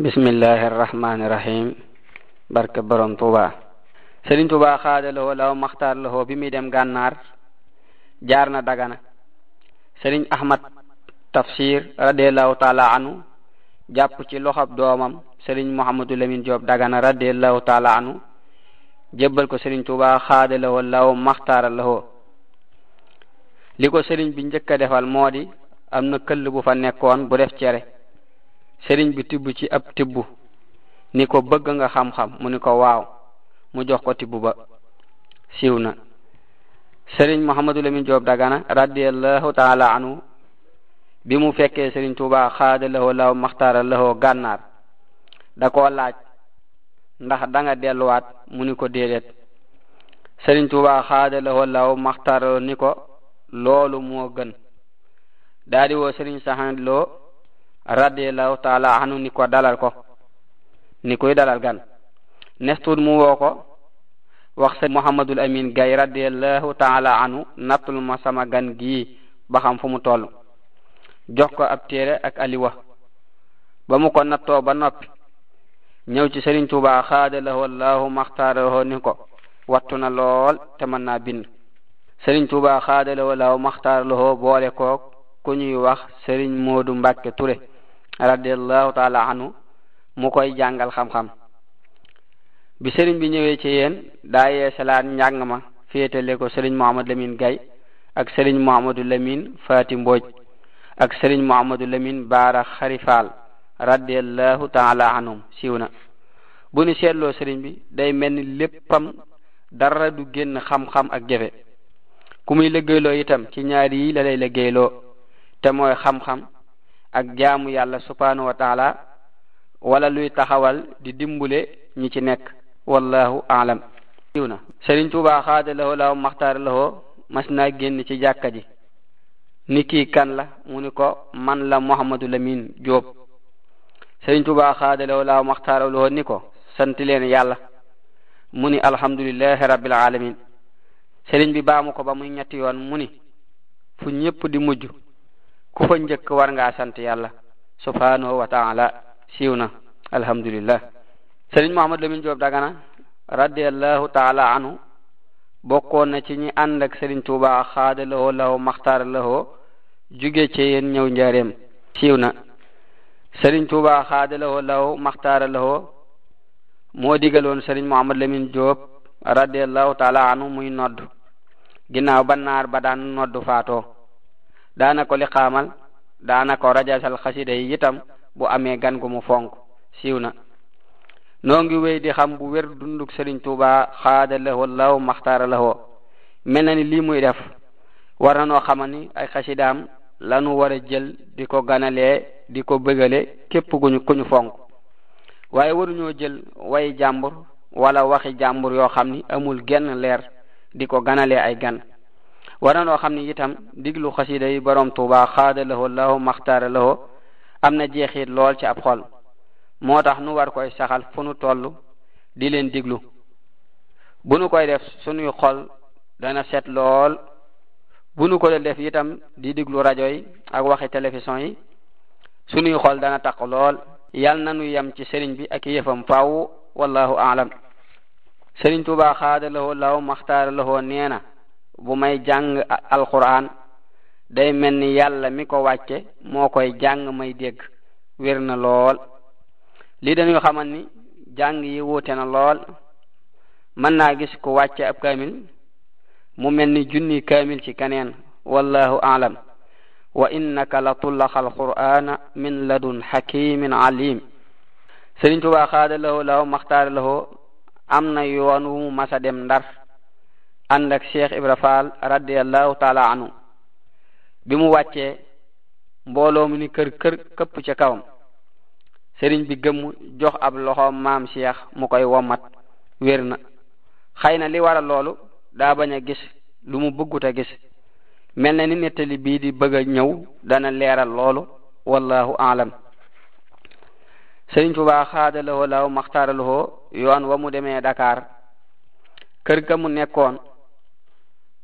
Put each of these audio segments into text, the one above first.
bismillahi arrahmani irrahim barke borom Tuuba Sëriñ Tuuba xaadalowoo law maxtaar lowoo bi muy dem gànnaar jaar na dagana Sëriñ Ahmad Tafsir radiallahu taala anu jàpp ci loxob doomam Sëriñ Muhammadu Lamin Joob dagana radiallahu taala anu jébbal ko Sëriñ Tuuba xaadalowoo law maxtaara lowoo li ko sëriñ bi njëkk a defal moo di am na këll bu fa nekkoon bu def cere sëriñ bi tibb ci ab tibb ni ko bëgg nga xam-xam mu ni ko waaw mu jox ko tibb ba siiw na sëriñ Mouhamadou Lamine Diop Dagana radiallahu taala anu bi mu fekkee sëriñ Touba xaada lahoo law maxtaara Lahu gànnaar da koo laaj ndax da nga delluwaat mu ni ko déedéet sëriñ Touba xaada lahoo law maxtaara ni ko loolu moo gën daa di woo sëriñ saxan loo radiyallahu taala anu ni ko dalal ko ni koy dalal gan nestud mu woko ko wax sa muhammadul amin gay radiyallahu taala anu natul ma sama gan gi ba xam fu mu toll jox ko ab téré ak ali wa. ba mu ko natto ba noppi ñew ci serigne touba khadalahu wallahu makhtaruhu ni ko wattuna lol te man na bind serigne touba khadalahu wallahu makhtaruhu bole ko ku ñuy wax serigne modou mbacke ture radiallahu taala anhu mu koy jangal xam-xam bi sëriñ bi ñëwee ci yéen daa yeesalaat njàng ma féetale ko sëriñ Mohamed Lamine Gay ak sëriñ Mohamadou Lamine Fati Mbodj ak sëriñ Mohamadou Lamine Baara Xarifaal radiallahu taala anhum siiw na bu ni seetloo sëriñ bi day mel ni léppam dara du génn xam-xam ak jafe ku muy liggéeyloo itam ci ñaari yi la lay liggéeyloo te mooy xam-xam ak jaamu yàlla subhanahu wa taala wala luy taxawal di dimbule ñi ci nekk wallahu aalam yiw na sëriñ tuubaa xaada lahoo laaw maxtaar lahoo mas naa génn ci jàkka ji ni kii kan la mu ni ko man la Muhammadu Lamin Jóob sëriñ tuubaa xaada lahoo laaw maxtaar lahoo ni ko sant leen yàlla mu ni alhamdulillahi rabbil alamin sëriñ bi baamu ko ba muy ñetti yoon mu ni fu ñépp di mujj ku fa njëkk war ngaa sant yàlla subhanahu wa taala siiw na alhamdulillah sëriñ Mohamad Lamine Joob Dagana radiallahu taala anu. bokkoon na ci ñi ànd ak sëriñ Tuuba xaada lahoo lahoo maxtaar lahoo juge ci yéen ñëw njaareem siiw na sëriñ Tuuba xaada lahoo lahoo maxtaar lahoo moo digaloon sëriñ Mohamad Lamine Joob radiallahu taala anu muy nodd ginnaaw ba naar ba daan noddu faatoo daana ko xaamal daana ko rajasal xasida yi itam bu amee gan gu mu fonk siiw na noo ngi wéy di xam bu wér dunduk Sëriñ Tuuba xaada lahu law maxtaara lahu mel na ni lii muy def war na noo ni ay xasidaam lanu war a jël di ko ganalee di ko bëggale képp guñu ku ñu fonk waaye waruñoo jël wayi jàmbur wala waxi jàmbur yoo xam ni amul genn leer di ko ganalee ay gan wara no xam ni itam diglu xasida yi borom tuuba xaada lahoo lahoo maxtaara lahoo am na jeexit lool ci ab xol moo tax nu war koy saxal fu nu toll di leen diglu bu nu koy def sunuy xol dana set lool bu nu ko def itam di diglu rajo yi ak waxi télévision yi sunuy xol dana taq lool yal na nu ci sëriñ bi ak yëfam faaw wallahu aalam sëriñ tuuba xaada lahoo lahoo maxtaara lahoo nee na bu may jàng alquran day mel ni yàlla mi ko wàcce moo koy jàng may dégg wér na lool lii dañuy xamal ni jàng yi wuute na lool mën naa gis ku wàcce ab kamil mu mel ni junni kamil ci kaneen wallahu alam wa innaka la tullaqa alqur'ana min ladun hakimin alim sëriñ tubaa xaada lahoo law maxtaar lahu am na yoon mu masa dem ndar ànd ak cheikh ibra faal radiallahu taala anu. bi mu wàccee mbooloo mu ni kër kër këpp ca kawam sëriñ bi gëmm jox ab loxo maam cheikh mu koy wommat wér na xëy na li wara loolu daa bañ a gis lu mu bëggut a gis mel na ni nettali bii di bëgg a ñëw dana leeral loolu wallahu alam sëriñ Tuubaa xaadalawoo law maxtaaralawoo yoon wa mu demee Dakar kër ga mu nekkoon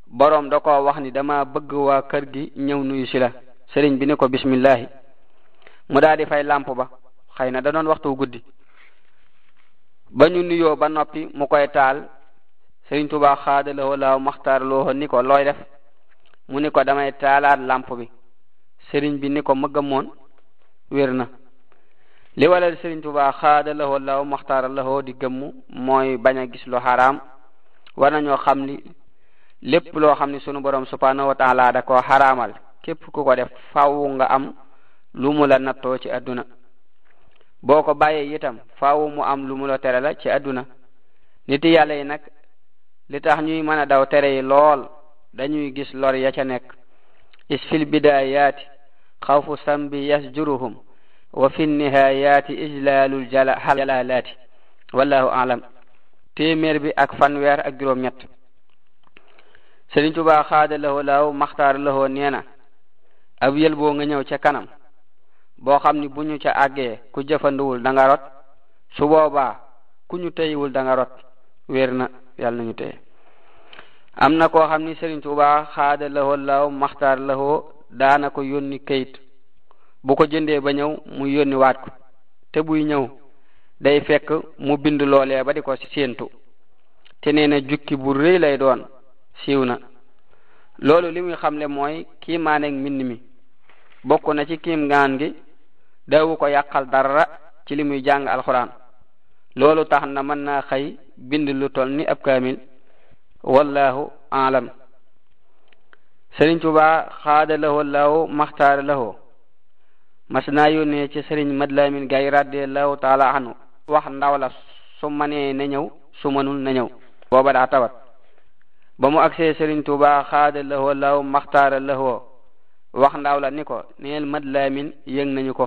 borom da ko wax ni dama bëgg waa kër gi ñew nuyu si la sëriñ bi ne ko bismillah mu daal di fay lamp ba xëy na da doon waxtu guddi ba ñu nuyoo ba noppi mu koy taal sëriñ tuba xaadaloo laaw maxtaar loo ni ko looy def mu ni ko damay taalaat lamp bi sëriñ bi ni ko ma gëmoon wér na li walal sëriñ tuba xaadaloo laaw maxtaar loo di gëmmu mooy bañ a gis lu haram war nañoo xam li lépp loo xam ni sunu borom subhanahu wa taala da koo xaraamal képp ku ko def faaw nga am lu mu la nattoo ci aduna. boo ko bàyyee itam faaw mu am lu mu la tere la ci aduna. niti yàlla yi nag li tax ñuy mën a daw tere yi lool dañuy gis lor ya ca nekk is fil bidayaati xawfu sambi yasjuruhum wa fi nihayaati ijlaalul jalalaati wallahu alam téeméer bi ak fanweer ak juróom ñett Sëriñ Tuba xaada lahoo laaw maxtaar lahoo nee na ab yël nga ñëw ca kanam boo xam ni bu ñu ca àggee ku jëfanduwul da nga rot su boobaa ku ñu teyiwul da nga rot wér na na nañu teye am na koo xam ni Sëriñ Tuba xaada lahoo laaw maxtaar lahoo daana ko yónni kayit bu ko jëndee ba ñëw mu yónni waat ko te buy ñëw day fekk mu bind loolee ba di ko séentu te nee na jukki bu rëy lay doon siiw na loolu li muy xamle mooy kiimaan ak minni mi bokk na ci kiim ngaan gi dawu ko yàqal dara ci li muy jàng alxuraan loolu tax na mën naa xëy bind lu toll ni ab kaamil wallahu alam sëriñ tuba xaada lahu laahu maxtaara lahu mas naa yónnee ci sëriñ Madlamin Gay lahu taala anu wax ndaw la su manee na ñëw su manul na ñëw booba daa tawat ba mu agsee Sëriñ Tuubaa xaada lahoo law maxtaara lahoo wax ndaw la ni ko neel mad laamin yëg nañu ko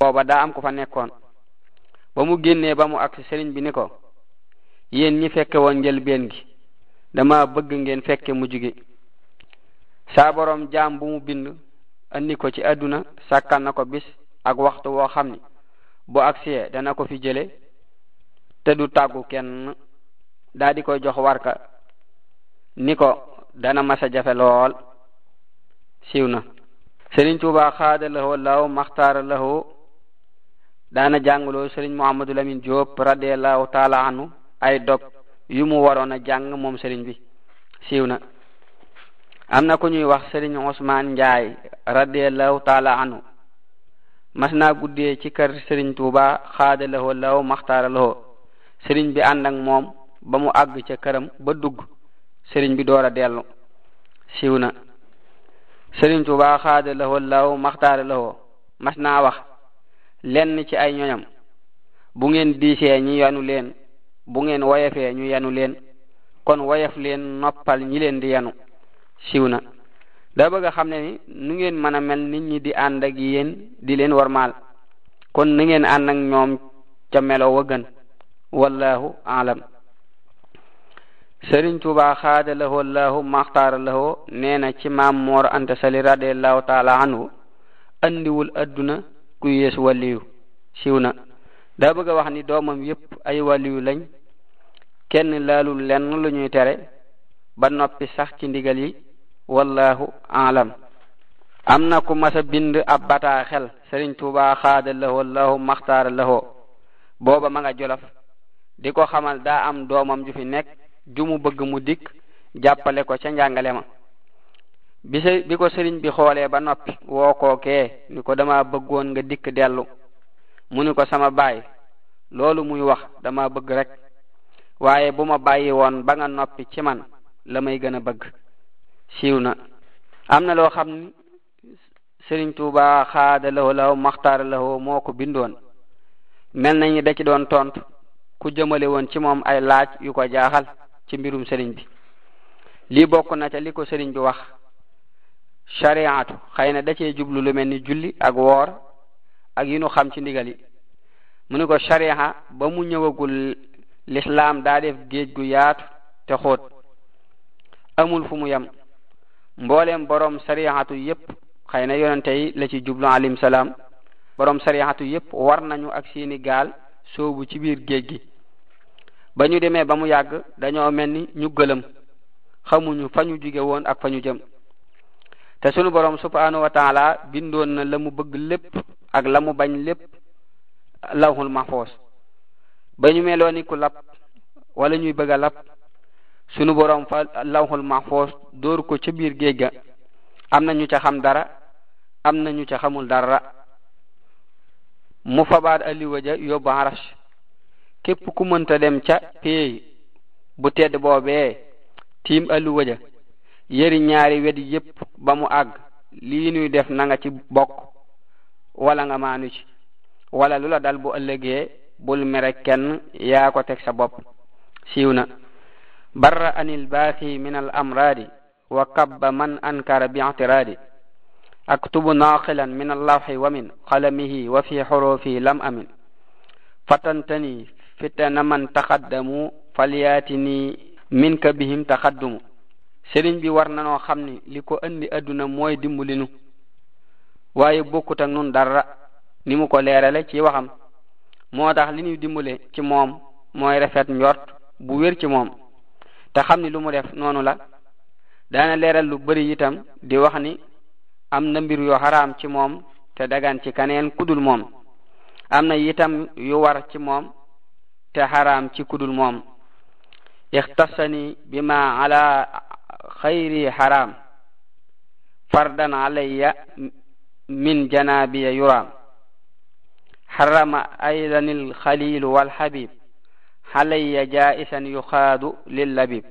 booba daa am ku fa nekkoon ba mu génnee ba mu agsi sëriñ bi ni ko yéen ñi fekke woon njëlbeen gi dama bëgg ngeen fekke mujj gi saa borom jaam bu mu bind andi ko ci àdduna sàkkan na ko bis ak waxtu woo xam ni bu agsee dana ko fi jële te du tàggu kenn daa di ko jox warka ni ko dana masa jafe lool siiw na sëriñ tuuba xaada lahu law maxtaara lahu daana jàngloo sëriñ mohamadu lamin jóob radiallahu taala anhu ay dog yu mu waroon a jàng moom sëriñ bi siiw na am na ku ñuy wax sëriñ Ousmane Njaay radiallahu taala anhu mas naa guddee ci kër sëriñ tuuba xaada lahu law maxtaara lahu sëriñ bi ànd ak moom ba mu àgg ca këram ba dugg serigne bi doora delu siwna serigne tuba sëriñ Tuubaa xaada lahoo law maxtaara lahoo mas wax len ci ay ñoñam bu ngeen diisee ñi yanu len bu ngeen woyefee ñu yanu len kon wayef len noppal ñi len di yanu siwna da bëgg a xam ne ni nu ngeen mëna mel nit ñi di and ak yeen di len warmal. kon na ngeen and ak ñoom ca melo wa gën wallahu alam sëriñ tuuba xaada lahu allahumma axtaara lahu nee ci maam moor anta sali radiallahu taala anhu andiwul aduna ku yees waliyu siw da daa bëgg wax ni doomam yépp ay waliyu lañ kenn laalul lenn lu ñuy tere ba noppi sax ci ndigal yi wallahu alam am na ku masa bind ab bataa xel sëriñ tuuba xaada lahu allahumma axtaara lahu booba ma nga jolof di ko xamal daa am doomam ju fi nekk ju mu bëgg mu dikk jàppale ko ca njàngale ma bi sa bi ko sëriñ bi xoolee ba noppi woo kookee ni ko dama bëggoon nga dikk dellu mu ni ko sama baay loolu muy wax dama bëgg rek waaye bu ma bàyyi woon ba nga noppi ci man la may gën a bëgg siiw na am na loo xam ni sëriñ tuuba xaada lawo law maxtaara lawo moo ko bindoon mel nañu da ci doon tontu ku jëmale woon ci moom ay laaj yu ko jaaxal ci mbirum sëriñ bi li bokk na ca li ko sëriñ bi wax shariatu xëy na da cee jublu lu mel ni julli ak woor ak yi nu xam ci ndigal yi mu ne ko sharia ba mu ñëwagul lislaam daa def géej gu yaatu te xóot amul fu mu yam mbooleem borom shariatu yépp xëy na yonante yi la ci jublu alim salaam borom shariatu yépp war nañu ak seeni gaal soobu ci biir géej gi ba ñu demee ba mu yàgg dañoo mel ni ñu gëlëm xamuñu fa ñu jóge woon ak fa ñu jëm te sunu borom subhanahu wa taala bindoon na la mu bëgg lépp ak la mu bañ lépp lawhul mahfuz ba ñu meloo ni ku lap wala ñuy bëgg a lap sunu borom fa lawhul mahfuz door ko ca biir géej am na ñu ca xam dara am na ñu ca xamul dara mu fabaat aliwaja yóbbu arash képp ku mënta dem ca pey bu tedd boobee tiim alu ja yëri ñaari wet yépp ba mu àgg lii nuy def na nga ci bokk wala nga maanu ci wala lu la dal bu ëllëgee bul mere kenn yaa ko teg sa bopp siiw na barra anil baasi min al amraadi wa kabba man ankara bi i'tiraadi min ناقلا wa min ومن wa fi حروفي lam amin fatantani fitana man taqaddamu falyatini minka bihim taqaddamu serigne bi war nanoo xam ni li ko andi aduna mooy dimbulinu. waye waaye ak nun dara ni mu ko leralé ci waxam moo tax li ni dimbale ci moom mooy rafet ñort bu wër ci moom te xam ni lu mu def nonu la daana leral lu bari itam di wax ni am na mbir yu haram ci moom te dagan ci kanen kudul moom am na itam yu war ci moom te xaraam ci kudul moom ixtasani bima ala xayri xaraam fardan alayya min janabiya yuraam xarama aydan alxalilu walxabib xalayya jaisan yuxaadu lillabib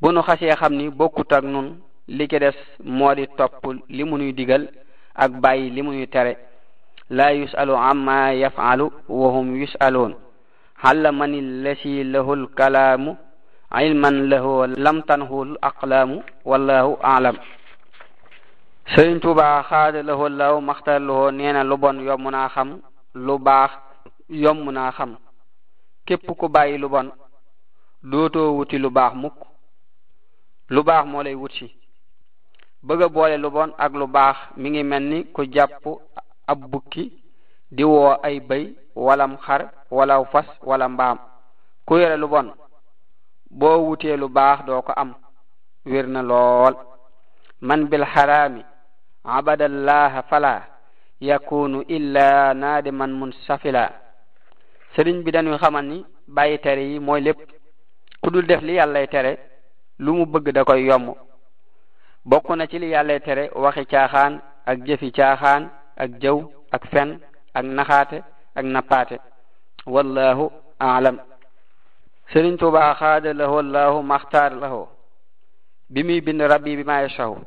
bu nu xasee xam ni bokkut ak nun li ci des moo di topp li mu nuy digal ak bàyyi li mu nuy tere la yusalu amma yafalu wa hum yusaluun halla man allasi lahu alkalamu ilman lahu lam tanhu aqlamu wallahu a'lam sëriñ tuuba xaada lahu law maxtar lahu nee na lu bon yomb xam lu baax yomb xam képp ku bàyyi lu bon dootoo wuti lu baax mukk lu baax moo lay wuti. si bëgg a boole lu bon ak lu baax mi ngi mel ni ku jàpp ab bukki di woo ay bay walam xar wala fas wala mbaam ku yore lu bon boo wutee lu baax doo ko am wér na lool man bil xaraami abadallaha fala yakunu illa mun munsafila sëriñ bi dañuy xamal ni bàyyi tere yi mooy lépp ku dul def li yàllay tere lu mu bëgg da koy yomb bokk na ci li yàllay tere waxi caaxaan ak jëfi caaxaan ak jëw ak fen ak naxaate ak nappaate wallahu alam sëriñ tuba xaada lahu allahu maxtaar lahu bi muy bind rabbi bi ma yashahu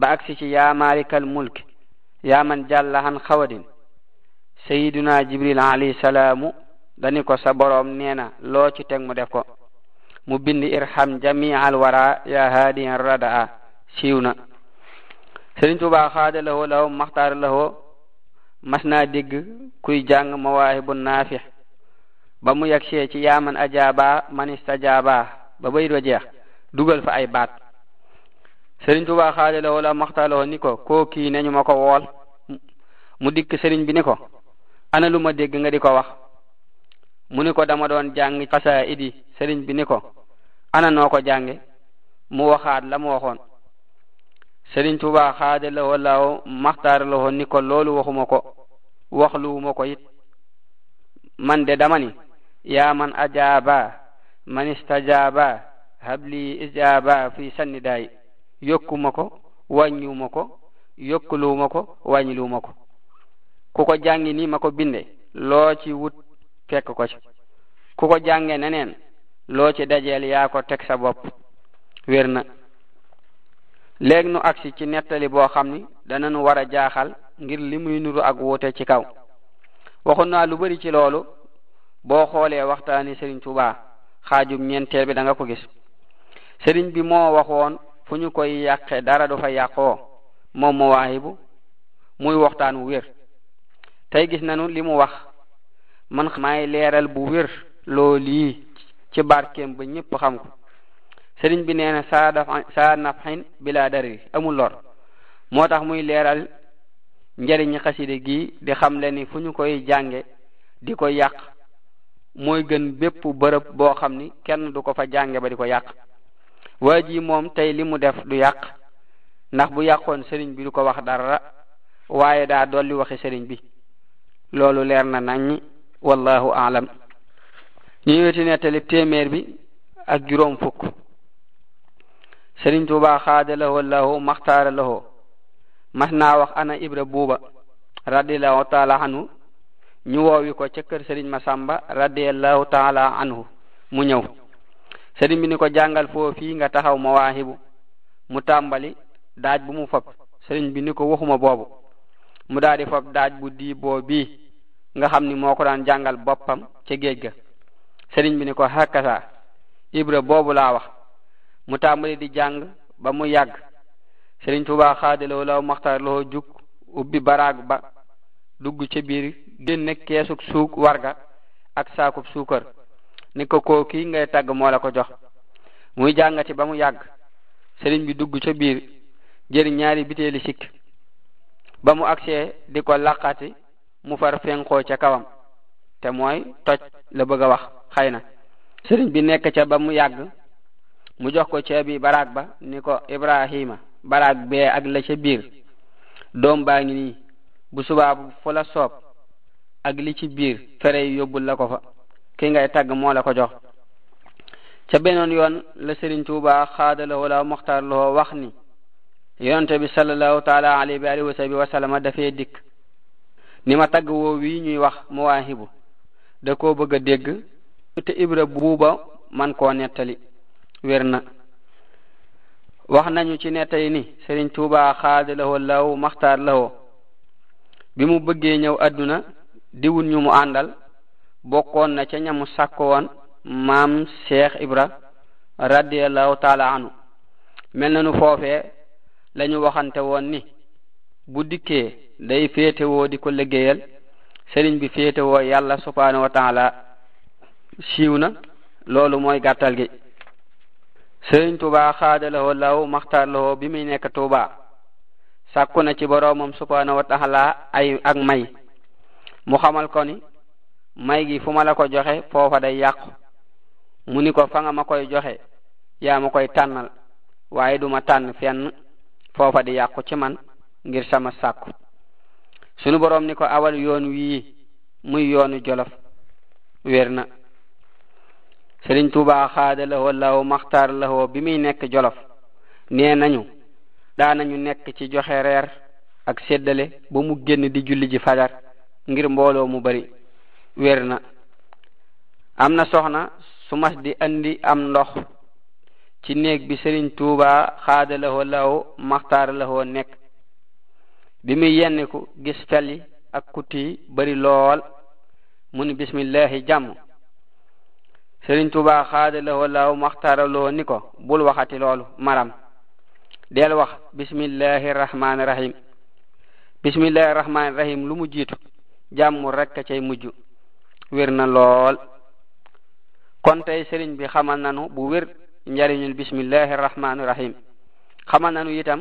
ba agsi ci yaa malikal mulk yaa man jàllahan xawadin sayiduna jibril alayhi salaamu dani ko sa borom neena loo ci teg mu def ko mu bind irham jamia alwara ya haadiyan radaa siiw na sëriñ tuba xaada lahu lahu maxtaar lahu mas naa dégg kuy jàng mawaahibu naafi ba mu yegsee ci yaaman ajaaba man istajaaba ba bay wa jeex dugal fa ay baat sëriñ Tuubaa xaali la wala maxtaloo ni ko koo kii nañu ma ko wool mu dikk sëriñ bi ni ko ana lu ma dégg nga di ko wax mu ni ko dama doon jàng xasaa idi sëriñ bi ni ko ana noo ko jànge mu waxaat la mu waxoon sëriñ Tuubaa xaade la wala maxtaar la ni ko loolu waxuma ko waxluwuma ko it man de dama ni ya man ajaba man istajaba habli ijaba fi sanni yokuma yokkuma ko wàññuma ko yokluma ko wàññiluwuma ko kuko jangi ni ma ko binde lo ci wut fekk ko ci kuko jange nenen lo ci dajel ya ko tek sa bop werna na nu ci nettali bo xamni ni dana nu war jaaxal ngir li muy nuru ak wote ci kaw waxon na lu bari ci loolu boo xoolee waxtaani Serigne Touba xaajum ñeenteel bi da nga ko gis Serigne bi moo waxoon fu ñu koy yàqe dara du fa yàqoo moom mu waahibu muy waxtaan wu wér tey gis nanu li mu wax man may leeral bu wér loolii ci barkeem ba ñépp xam ko Serigne bi nee na saa daf saa nafxin bila dari amul lor moo tax muy leeral njariñi xaside gi di xam le ni fu ñu koy jànge di ko yàq mooy gën bépp bërëb boo xam ni kenn du ko fa jànge ba di ko yàq waa moom tey li mu def du yàq ndax bu yàqoon sëriñ bi du ko wax dara waaye daa dolli waxi sëriñ bi loolu leer na naññi wallahu aalam ñu weti nettali téeméer bi ak juróom fukk sëriñ tuubaa xaada lahoo lahoo maxtaara lahoo mas naa wax ana ibra buuba radiallahu taala anhu ñu woowi ko ca kër sëriñ masamba radiallahu taala anhu mu ñëw sëriñ bi ni ko jàngal foofi nga taxaw mawaahibu mu tàmbali daaj bu mu fab sëriñ bi ni ko waxuma boobu mu daal di fab daaj bu dii boo bii nga xam ni moo ko daan jàngal boppam ca géej ga sëriñ bi ni ko hakkasa ibra boobu laa wax mu tàmbali di jàng ba mu yàgg serigne touba khadilo law maxtaar lo jug ubbi barag ba dugg ci biir genne kessuk souk warga ak sakup sukar ni ko ko kii ngay tag mo la ko jox muy jangati ba mu yàgg sëriñ bi dugg ci biir jeri ñaari biteli sik ba mu agsee di ko laqati mu far fenko ca kawam te moy toj la bëgg wax xëy na bi nekk ca ba mu yàgg mu jox ko bi baraag ba ni ko Ibrahima baraag bee ak la ca biir doom baa ngi nii bu subaa fu la soob ak li ci biir fere yi yóbbul la ko fa ki ngay tagg moo la ko jox ca benoon yoon la Sëriñ Tuubaa xaadalawoo la moxtaar loo wax ni yonente bi sallallahu taala alayhi wa alihi wa sahbi dafee dikk ni ma tagg woo wii ñuy wax mawaahibu da koo bëgg a dégg te ibra buuba man koo nettali wér na wax nañu ci nettali ni serigne tuuba xaada lawo law makhtar lawo bi mu bëggee ñëw aduna diwun ñu mu àndal bokkoon na ca ñamu sàkko woon maam cheikh ibra radiallahu taala anu mel na nu foofee la ñu waxante woon ni bu dikkee day féetewoo di ko liggéeyal sëriñ bi féetewoo yàlla subhanahu wa taala siiw na loolu mooy gàttal gi sëriñ tuba xaadalawoo law maxtaarlawoo bi muy nekk tuba sàkku na ci boroomam subhanahu wa taala ay ak may mu xamal ko ni may gi fu ma la ko joxe foofa day yàqu mu ni ko fa nga ma koy joxe yaa ma koy tànnal waaye du ma tànn fenn foofa di yàqu ci man ngir sama sàkku sunu boroom ni ko awal yoon wii muy yoonu jolof wér na sëriñ tuuba xaada lahoo law maxtaar lahoo bi muy nekk jolof nee nañu daanañu nekk ci joxe reer ak seddale ba mu génn di julli ji fajar ngir mbolo mu bari wér na am na soxna su mas di andi am ndox ci néeg bi sëriñ tuuba xaada lahoo law maxtaar lahoo nekk bi muy yenniku gis fel yi ak kutti yi bari lool mun ni bismillahi jàmm Sëriñ Tuubaa xaadalawoo law maxtaraloo ni ko bul waxati loolu maram del wax bismillahi rahmaani rahim bismillahi rahmaani rahim lu mu jiitu jàmmu rekk cay mujj wér na lool kon tey serigne bi xamal nanu bu wér njariñul bismillahi rahmaani rahim xamal nanu itam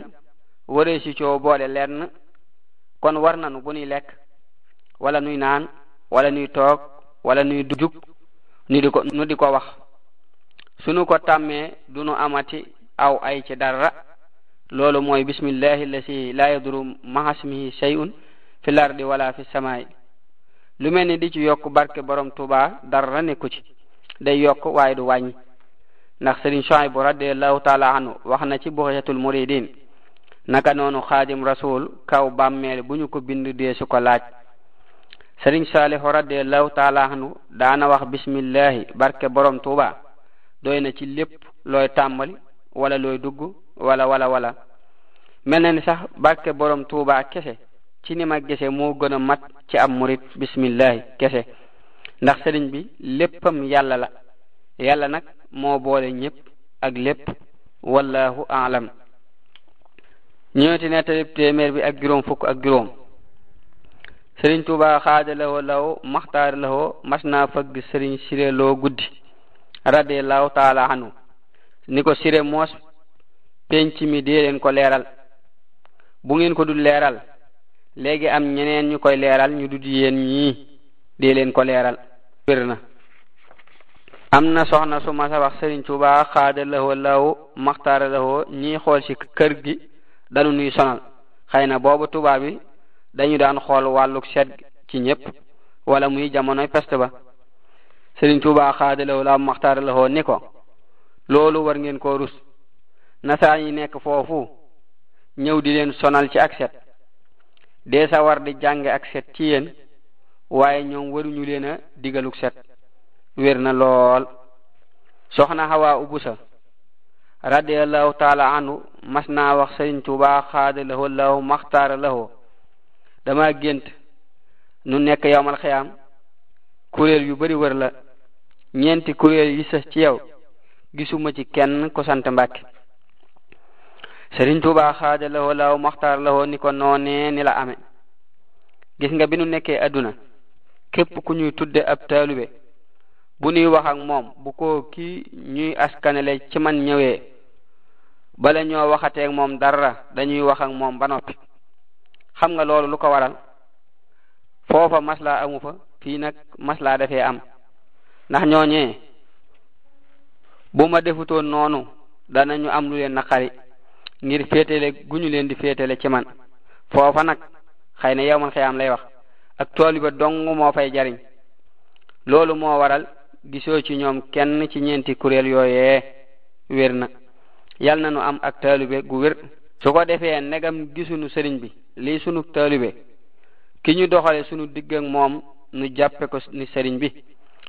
waree si coo boole lenn kon war nanu bu nuy lekk wala nuy naan wala nuy toog wala nuy dujug ni di ko nu di ko wax sunu ko du nu amati aw ay ci dara loolu mooy bismillahi allasi la ma hasmihi shay'un fil ardi wala fi samai. lu melni ni di ci yok barke borom tuba dara ko ci day yok way du wàññi ndax bu Chouaïbou radiallahu taala anhu wax na ci buhayatul muridin naka nonu khadim rasul kaw bammel bu ko bindu de su ko laaj sëriñ saalihu radiallahu taala anhu daana wax bismillahi barke borom tuuba doy na ci lépp looy tàmbali wala looy dugg wala wala wala mel na ni sax barke borom tuuba kese ci ni ma gese moo gën a mat ci am murit bismillahi kese ndax sëriñ bi léppam yàlla la yàlla nag moo boole ñépp ak lépp wallahu aalam ñëweti nettali téeméer bi ak juróom fukk ak juróom sëriñ tuuba xaaja lawo law maxtaar lawo mas naa fëgg sëriñ sire lo guddi radiallahu taala anhu ni ko sire mos penci mi de len ko leeral bu ngeen ko dul leeral léegi am ñeneen ñu koy leeral ñu dud yéen ñii de len ko leeral wér na am na soxna su ma masa wax sëriñ tuuba xaaja lawo law maxtaar lawo ñii xol ci kër gi danu nuy sonal xëy na boobu tubaab bi dañu daan xool wàlluk set ci ñëpp wala muy jamonoy peste ba sëriñ tuuba xaadalawoo la maxtaaralawoo ni ko loolu war ngeen koo rus nasaan yi nekk foofu ñëw di leen sonal ci ak set dee sa war di jànge ak set ci yéen waaye ñoom waruñu leen a digaluk set wér na lool soxna hawa ubusa radiallahu taala anhu mas naa wax sëriñ tuuba xaadalawoo law maxtaaralawoo dama gént nu nekk yowmal xiyaam kuréel yu bari wër la ñeenti kuréel yi sa ci yow gisuma ci kenn ko sant mbàkke sëriñ tuuba xaaja la law maxtaar la ni ko noonee ni la ame gis nga bi nu nekkee adduna képp ku ñuy tudde ab taalube bu nuy wax ak moom bu ko ki ñuy askanale ci man ñëwee bala ñoo ak moom dara dañuy wax ak moom ba noppi xam nga loolu lu ko waral foofa masla amu fa fii nag masla dafee am ndax ñooñee bu ma defutoon noonu danañu am lu leen naqari ngir féetale guñu leen di féetale ci man foofa nag xëy na yow man xiyaam lay wax ak tool ba dong moo fay jariñ loolu moo waral gisoo ci ñoom kenn ci ñeenti kuréel yooyee wér na yal na nu am ak taalube gu wér su ko defee negam gisuñu sëriñ bi lii sunu talibe ki ñu doxale sunu digg ak moom nu jàppe ko ni sëriñ bi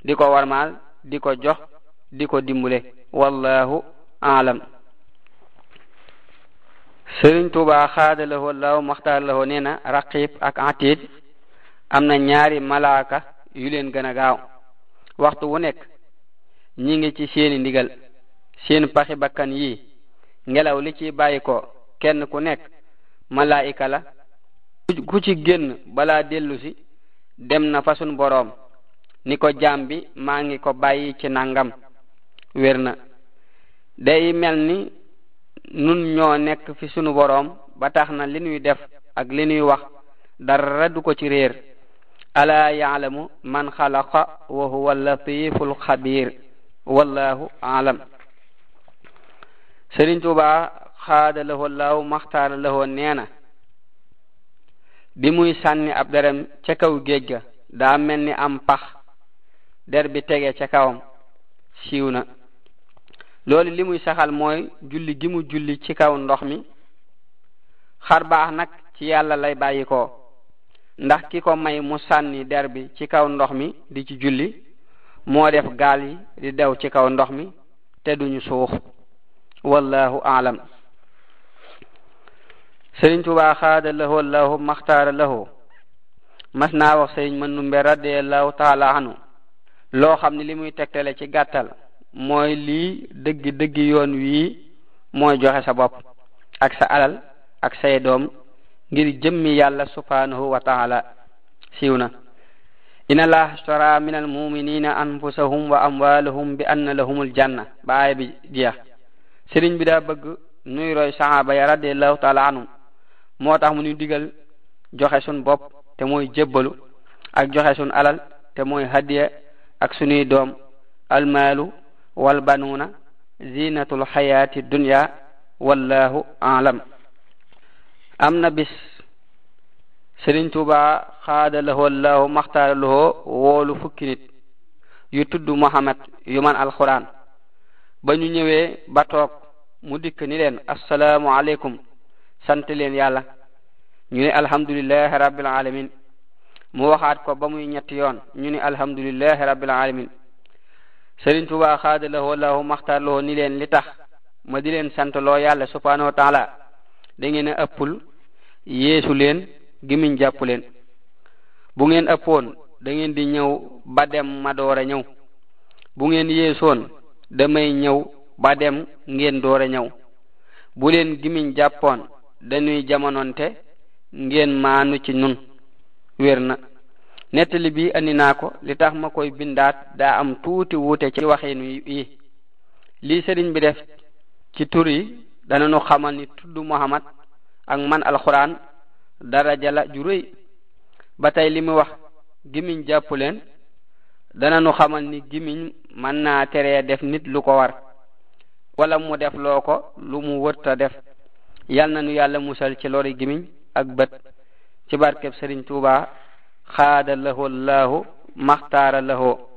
di ko warmaal di ko jox di ko dimbule wallahu alam sëriñ tuba xaadalahoo law maxtaarlahoo nee na raqib ak atid am na ñaari malaaka yu leen gën a gaaw waxtu wu nekk ñi ngi ci seeni ndigal seen paxi bakkan yi ngelaw li ci bàyyi ko kenn ku nekk malaayika la ku ci génn balaa si dem na fa sun boroom ni ko jaam bi maa ngi ko bàyyi ci nangam wér na day mel ni nun ñoo nekk fi sunu boroom ba tax na li nuy def ak li nuy wax dara du ko ci réer ala yaalamu man xalaqa wa huwa latifu xabir wallahu alam Sëriñ Tuubaa xaada lahu llahu maxtaara lahu nee na bi muy sànni ab derem ca kaw géej ga daa mel ni am pax der bi tege ca kawam siiw na loolu li muy saxal mooy julli gi mu julli ci kaw ndox mi xar baax nag ci yàlla lay bàyyi ko ndax ki ko may mu sànni der bi ci kaw ndox mi di ci julli moo def gaal yi di dew ci kaw ndox mi te duñu suux wallahu aalam sëriñ tuba xaada lahu allahu maxtaara lahu mas naa wax sëriñ mën numbe radiallahu taala anu loo xam ne li muy ci gattal mooy lii dëgg dëgg yoon wii mooy joxe sa bop ak sa alal ak say doom ngir jëmmi yalla subhanahu wa taala siiw na ina allah ashtara min almuminina anfusahum wa amwalahum bi anna lahum janna baye bi jeex sëriñ bi da bëgg nuy roy sahaba ya radiallahu taala anhum motax mu ñu digal joxe sun bop te moy jébbalu ak joxe sun alal te moy hadiya ak dom al malu wal banuna zinatul xayaati dunya wallahu alam amna bis serigne touba xaada lahoo lahu maxtaara lahoo woolu fukki nit yu tuddu muhammad yu man alquran ba ñu ñëwee ba tok mu dikk ni len assalamu alaykum sant leen yàlla ñu ne alhamdulillahi rabbil alamin mu waxaat ko ba muy ñetti yoon ñu ne alhamdulillahi rabbil alamin sëriñ tuba xaada lahoo lahu maxtaar lahoo ni leen li tax ma di leen sant loo yàlla subhanahu wa taala da ngeen a ëppul yeesu leen gimiñ jàpp leen bu ngeen ëppoon da ngeen di ñëw ba dem ma door a ñëw bu ngeen yeesoon damay ñëw ba dem ngeen door a ñëw bu leen gimiñ jàppoon dañuy jamononte ngeen maanu ci nun wér na nettali bi andi naa ko li tax ma koy bindaat daa am tuuti wuute ci waxin yi lii sëriñ bi def ci tur yi dana nu xamal ni tudd muhammad ak man alquran dara jala ju rëy ba tey li mu wax gimiñ jàpp leen dana nu xamal ni gimiñ mën naa teree def nit lu ko war wala mu def loo ko lu mu wërta def yal na yàlla musal ci lori gimiñ ak bët ci barkeb sëriñ tuuba xaada lahu laahu maxtaara lahoo